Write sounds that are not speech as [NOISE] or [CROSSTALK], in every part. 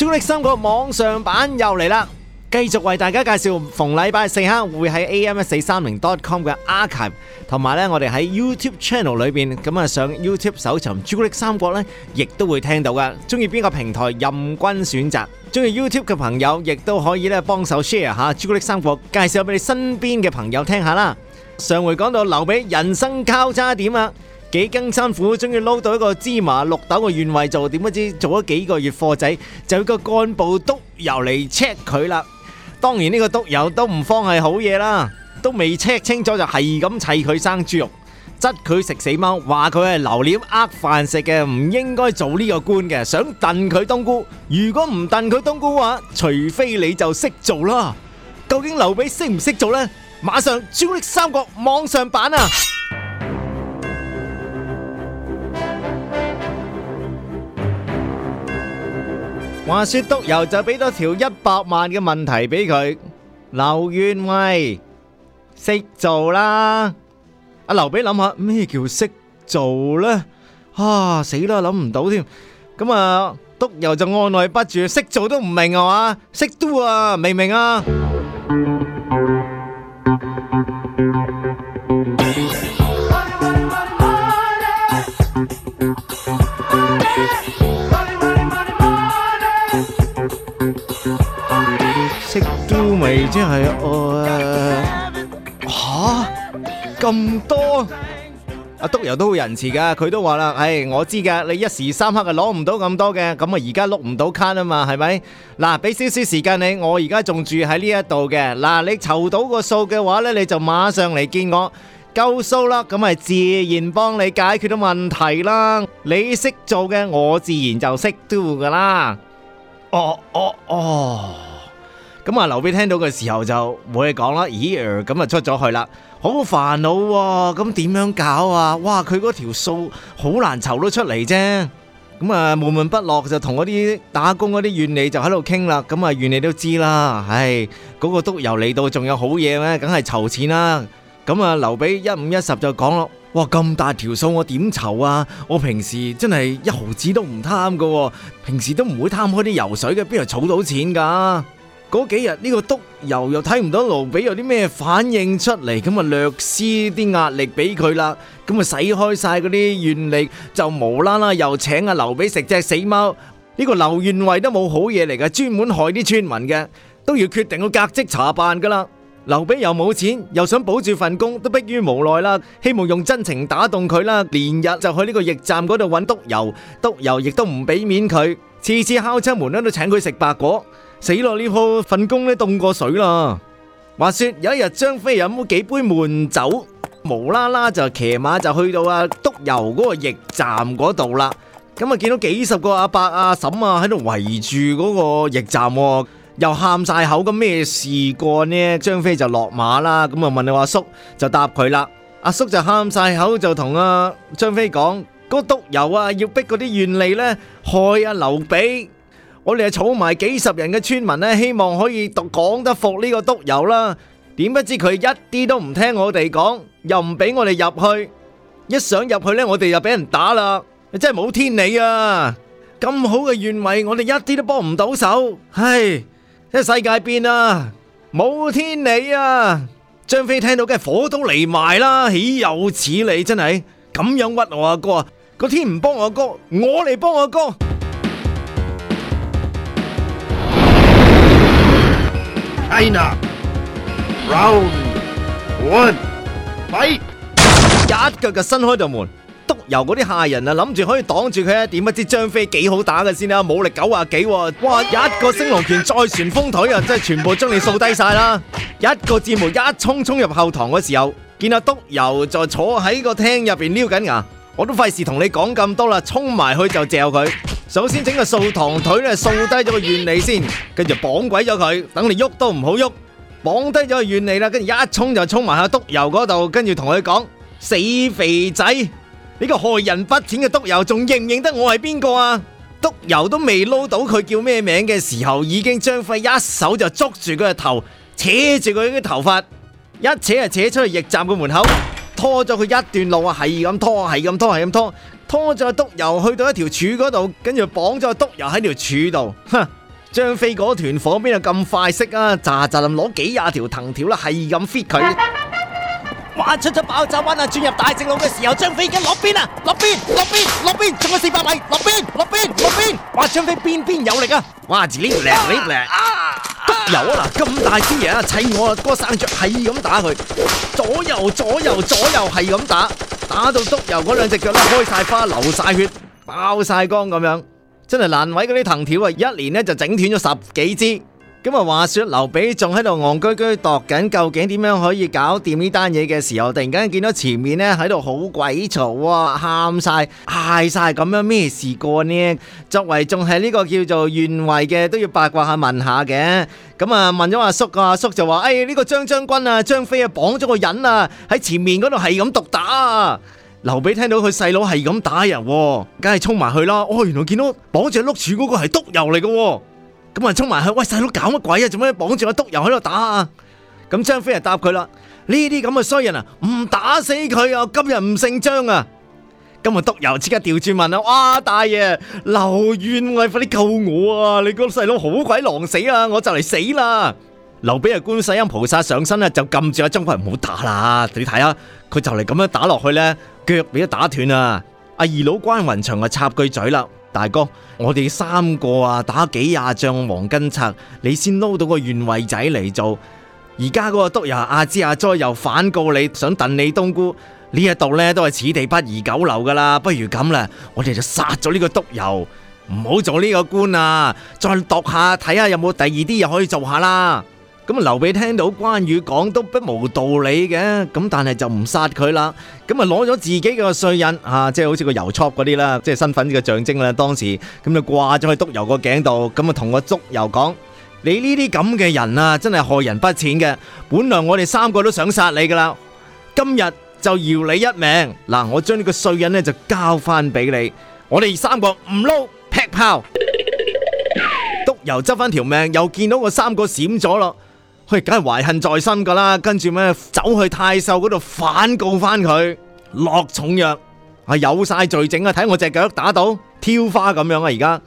《朱古力三國》網上版又嚟啦，繼續為大家介紹。逢禮拜四黑會喺 AM1430dot com 嘅 Archive，同埋咧我哋喺 YouTube Channel 裏邊咁啊，上 YouTube 搜尋《朱古力三國》咧，亦都會聽到噶。中意邊個平台任君選擇，中意 YouTube 嘅朋友亦都可以咧幫手 share 吓《朱古力三國》介紹俾你身邊嘅朋友聽下啦。上回講到劉備人生交叉點啊！幾斤辛苦，終於撈到一個芝麻綠豆嘅願位，做，點不知做咗幾個月貨仔，就有個幹部督由嚟 check 佢啦。當然呢個督由都唔方係好嘢啦，都未 check 清楚就係咁砌佢生豬肉，執佢食死貓，話佢係流臉呃飯食嘅，唔應該做呢個官嘅，想燉佢冬菇。如果唔燉佢冬菇嘅話，除非你就識做啦。究竟劉備識唔識做呢？馬上《朱力三國》網上版啊！話說督郵就俾多條一百萬嘅問題俾佢，劉縣尉識做啦。阿劉備諗下咩叫識做咧？啊，死啦，諗唔到添。咁啊，督郵就按捺不住，識做都唔明啊嘛，識做啊，明唔明啊？即係誒，吓，咁多？阿督郵都好仁慈噶，佢都話啦，誒，我知噶，你一時三刻係攞唔到咁多嘅，咁啊而家碌唔到卡啊嘛，係咪？嗱，俾少少時間你，我而家仲住喺呢一度嘅，嗱，你籌到個數嘅話呢，你就馬上嚟見我，夠數啦，咁咪自然幫你解決到問題啦。你識做嘅，我自然就識 do 噶啦。哦哦哦。咁啊，劉備聽到嘅時候就冇嘢講啦。咦，咁、呃、啊出咗去啦，好煩惱。咁點樣搞啊？哇，佢嗰條數好難籌得出嚟啫。咁、嗯、啊，悶悶不樂就同嗰啲打工嗰啲怨你就喺度傾啦。咁、嗯、啊，怨你都知啦。唉，嗰、嗰個督郵嚟到，仲有好嘢咩？梗係籌錢啦。咁、嗯、啊，劉備一五一十就講咯。哇，咁大條數我點籌啊？我平時真係一毫子都唔貪噶，平時都唔會貪開啲油水嘅，邊度儲到錢噶？嗰幾日呢個督郵又睇唔到劉備有啲咩反應出嚟，咁啊略施啲壓力俾佢啦，咁啊使開晒嗰啲怨力，就無啦啦又請阿劉備食隻死貓。呢個劉元衛都冇好嘢嚟嘅，專門害啲村民嘅，都要決定去革職查辦噶啦。劉備又冇錢，又想保住份工，都迫於無奈啦，希望用真情打動佢啦。連日就去呢個驛站嗰度揾督郵，督郵亦都唔俾面佢，次次敲出門都都請佢食白果。死落呢鋪份工咧凍過水啦！話說有一日張飛飲咗幾杯悶酒，無啦啦就騎馬就去到啊督郵嗰個驛站嗰度啦。咁啊見到幾十個阿伯阿嬸啊喺度圍住嗰個驛站，又喊晒口咁咩事個呢？張飛就落馬啦。咁啊問你話叔，就答佢啦。阿叔就喊晒口就同阿張飛講：嗰督郵啊要逼嗰啲縣吏咧害阿劉備。我哋係儲埋幾十人嘅村民咧，希望可以讀講得服呢個督郵啦。點不知佢一啲都唔聽我哋講，又唔俾我哋入去。一想入去咧，我哋又俾人打啦。真係冇天理啊！咁好嘅願為，我哋一啲都幫唔到手。唉，即係世界變啦，冇天理啊！張飛聽到嘅火都嚟埋啦，豈有此理！真係咁樣屈我阿哥啊！個天唔幫我阿哥，我嚟幫我阿哥。round one fight，一腳就伸開道門，督郵嗰啲下人啊，諗住可以擋住佢啊，點不知張飛幾好打嘅先啦，武力九啊幾，哇，哇一個升龍拳再旋風腿啊，真係全部將你掃低晒啦！ [LAUGHS] 一個字幕一衝衝入後堂嘅時候，見阿督郵就坐喺個廳入邊撩緊牙，我都費事同你講咁多啦，衝埋去就嚼佢。首先整個掃堂腿咧，掃低咗個怨離先，綁綁衝衝跟住綁鬼咗佢，等你喐都唔好喐，綁低咗個怨離啦，跟住一衝就衝埋下督郵嗰度，跟住同佢講：死肥仔，你個害人不淺嘅督郵，仲認唔認得我係邊個啊？督郵都未撈到佢叫咩名嘅時候，已經張飛一手就捉住佢嘅頭，扯住佢嘅頭髮，一扯就扯出去驛站嘅門口，拖咗佢一段路啊，係咁拖，係咁拖，係咁拖。拖咗督郵去到一條柱嗰度，跟住綁咗督郵喺條柱度。哼，張飛嗰團火邊度咁快熄啊！咋咋冧攞幾廿條藤條啦，係咁 fit 佢。挖出咗爆炸彎啊！轉入大正路嘅時候，張飛已經落邊啊？落邊？落邊？落邊？仲有四百米，落邊？落邊？落邊？哇！張飛邊邊有力啊！哇！自呢叻叻叻！啊、督郵啊！嗱，咁大支嘢啊！砌我個山雀係咁打佢，左右左右左右係咁打。打到督郵嗰兩隻腳咧，開晒花，流晒血，爆晒光咁樣，真係難為嗰啲藤條啊！一年就整斷咗十幾支。咁啊！話說劉備仲喺度戇居居度緊，究竟點樣可以搞掂呢單嘢嘅時候，突然間見到前面咧喺度好鬼嘈啊，喊晒嗌晒咁樣咩事過呢？作為仲係呢個叫做縣尉嘅，都要八卦問下問下嘅。咁啊，問咗阿叔,叔，阿叔,叔就話：，哎，呢、這個張將軍啊，張飛啊，綁咗個人啊，喺前面嗰度係咁毒打。劉備聽到佢細佬係咁打人、啊，梗係衝埋去啦。哦，原來見到綁住碌柱嗰個係督郵嚟嘅。咁啊，衝埋去！喂，細佬搞乜鬼啊？做咩綁住我督郵喺度打啊？咁張飛啊答佢啦，呢啲咁嘅衰人啊，唔打死佢啊！今日唔姓張啊！咁啊，督郵即刻調轉問啦，哇！大爺，劉縣尉，快啲救我啊！你個細佬好鬼狼死啊！我就嚟死啦！劉備啊，觀世音菩薩上身啊，快就撳住阿張飛，唔好打啦！你睇下，佢就嚟咁樣打落去咧，腳俾佢打斷啦！阿二佬關雲長啊，插佢嘴啦。大哥，我哋三個啊，打幾廿仗黃巾賊，你先撈到個縣尉仔嚟做，而家嗰個督郵阿支阿災又反告你，想燉你冬菇，呢一度呢，都係此地不宜久留噶啦，不如咁啦，我哋就殺咗呢個督郵，唔好做呢個官啊，再度下睇下有冇第二啲嘢可以做下啦。咁劉備聽到關羽講都不無道理嘅，咁但係就唔殺佢啦。咁啊攞咗自己嘅碎印啊，即係好似個郵戳嗰啲啦，即係身份嘅象徵啦。當時咁就掛咗喺督郵個頸度，咁啊同個督郵講：你呢啲咁嘅人啊，真係害人不淺嘅。本來我哋三個都想殺你噶啦，今日就饒你一命。嗱，我將呢個碎印呢就交翻俾你，我哋三個唔撈劈炮。 [LAUGHS] 督郵執翻條命，又見到我三個閃咗咯。佢梗係懷恨在心噶啦，跟住咩走去太守嗰度反告翻佢，落重藥，係有晒罪證啊！睇我隻腳打到挑花咁樣啊！而家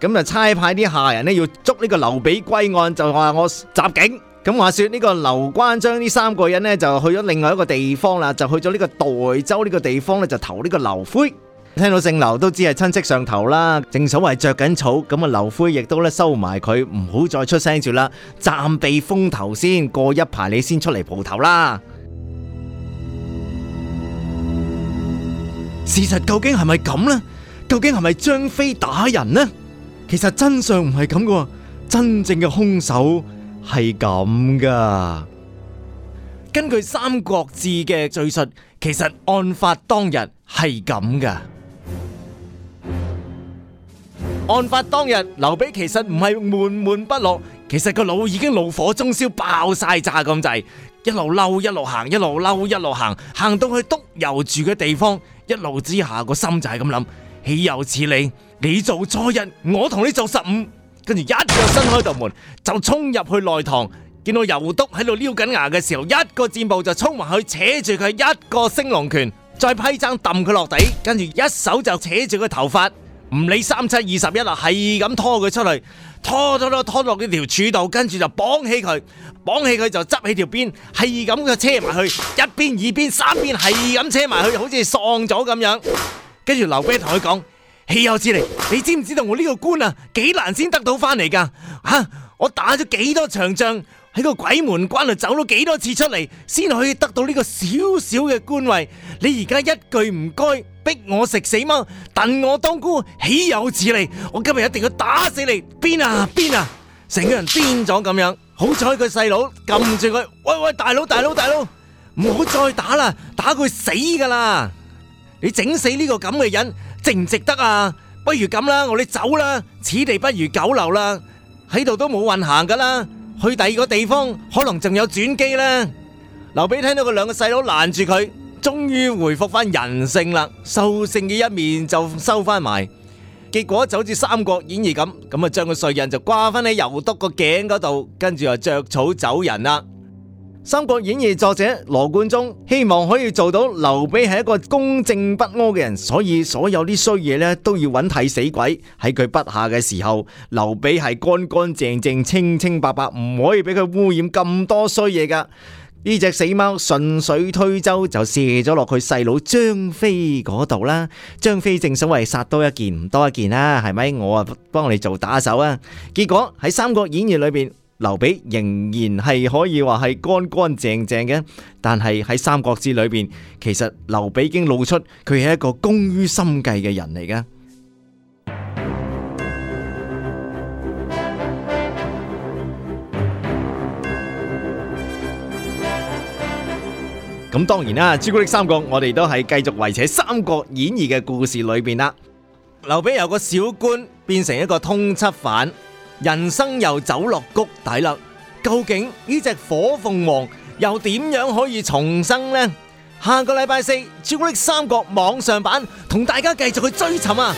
咁就差派啲下人咧，要捉呢個劉備歸案，就話我襲警。咁話說呢個劉關張呢三個人咧，就去咗另外一個地方啦，就去咗呢個代州呢個地方咧，就投呢個劉恢。聽到姓劉都只係親戚上頭啦，正所謂着緊草咁啊，劉恢亦都咧收埋佢，唔好再出聲住啦，暫避風頭先，過一排你先出嚟蒲頭啦。 [MUSIC] 事實究竟係咪咁呢？究竟係咪張飛打人呢？其實真相唔係咁噶，真正嘅凶手係咁噶。根據《三國志》嘅敘述，其實案發當日係咁噶。案發當日，劉備其實唔係悶悶不樂，其實個腦已經怒火中燒，爆晒炸咁滯，一路嬲一路行，一路嬲一路行，行到去督郵住嘅地方，一路之下個心就係咁諗，豈有此理！你做初一，我同你做十五，跟住一個伸開道門就衝入去內堂，見到郵督喺度撩緊牙嘅時候，一個箭步就衝埋去扯住佢，一個升龍拳，再批踭揼佢落地，跟住一手就扯住佢頭髮。唔理三七二十一啊，係咁拖佢出去，拖咗拖拖落佢條柱度，跟住就綁起佢，綁起佢就執起條鞭，係咁嘅車埋去，一邊二邊三邊係咁車埋去，好似喪咗咁樣。跟住劉備同佢講：豈有此理！你知唔知道我呢個官啊，幾難先得到翻嚟噶？吓、啊，我打咗幾多場仗，喺個鬼門關度走咗幾多次出嚟，先可以得到呢個小小嘅官位。你而家一句唔該。逼我食死貓，燉我冬菇，豈有此理！我今日一定要打死你！癲啊癲啊！成個人癲咗咁樣，好彩佢細佬撳住佢。喂喂，大佬大佬大佬，唔好再打啦，打佢死噶啦！你整死呢個咁嘅人，值唔值得啊？不如咁啦，我哋走啦，此地不如久留啦，喺度都冇運行噶啦，去第二個地方可能仲有轉機啦。劉備聽到佢兩個細佬攔住佢。終於回復翻人性啦，獸性嘅一面就收翻埋，結果就好似《三國演義》咁，咁啊將個衰人就掛返喺油督個頸嗰度，跟住就着草走人啦。《三國演義》作者羅貫中希望可以做到，劉備係一個公正不阿嘅人，所以所有啲衰嘢呢都要揾替死鬼，喺佢筆下嘅時候，劉備係乾乾淨淨、清清白白，唔可以俾佢污染咁多衰嘢噶。呢隻死貓順水推舟就射咗落佢細佬張飛嗰度啦，張飛正所謂殺多一件唔多一件啦，係咪？我啊幫你做打手啊，結果喺《三國演義》裏邊，劉備仍然係可以話係乾乾淨淨嘅，但係喺《三國志》裏邊，其實劉備已經露出佢係一個工於心計嘅人嚟㗎。咁當然啦，朱古力三國，我哋都係繼續維持喺《三國演義》嘅故事裏邊啦。劉備由個小官變成一個通緝犯，人生又走落谷底啦。究竟呢隻火鳳凰又點樣可以重生呢？下個禮拜四，朱古力三國網上版同大家繼續去追尋啊！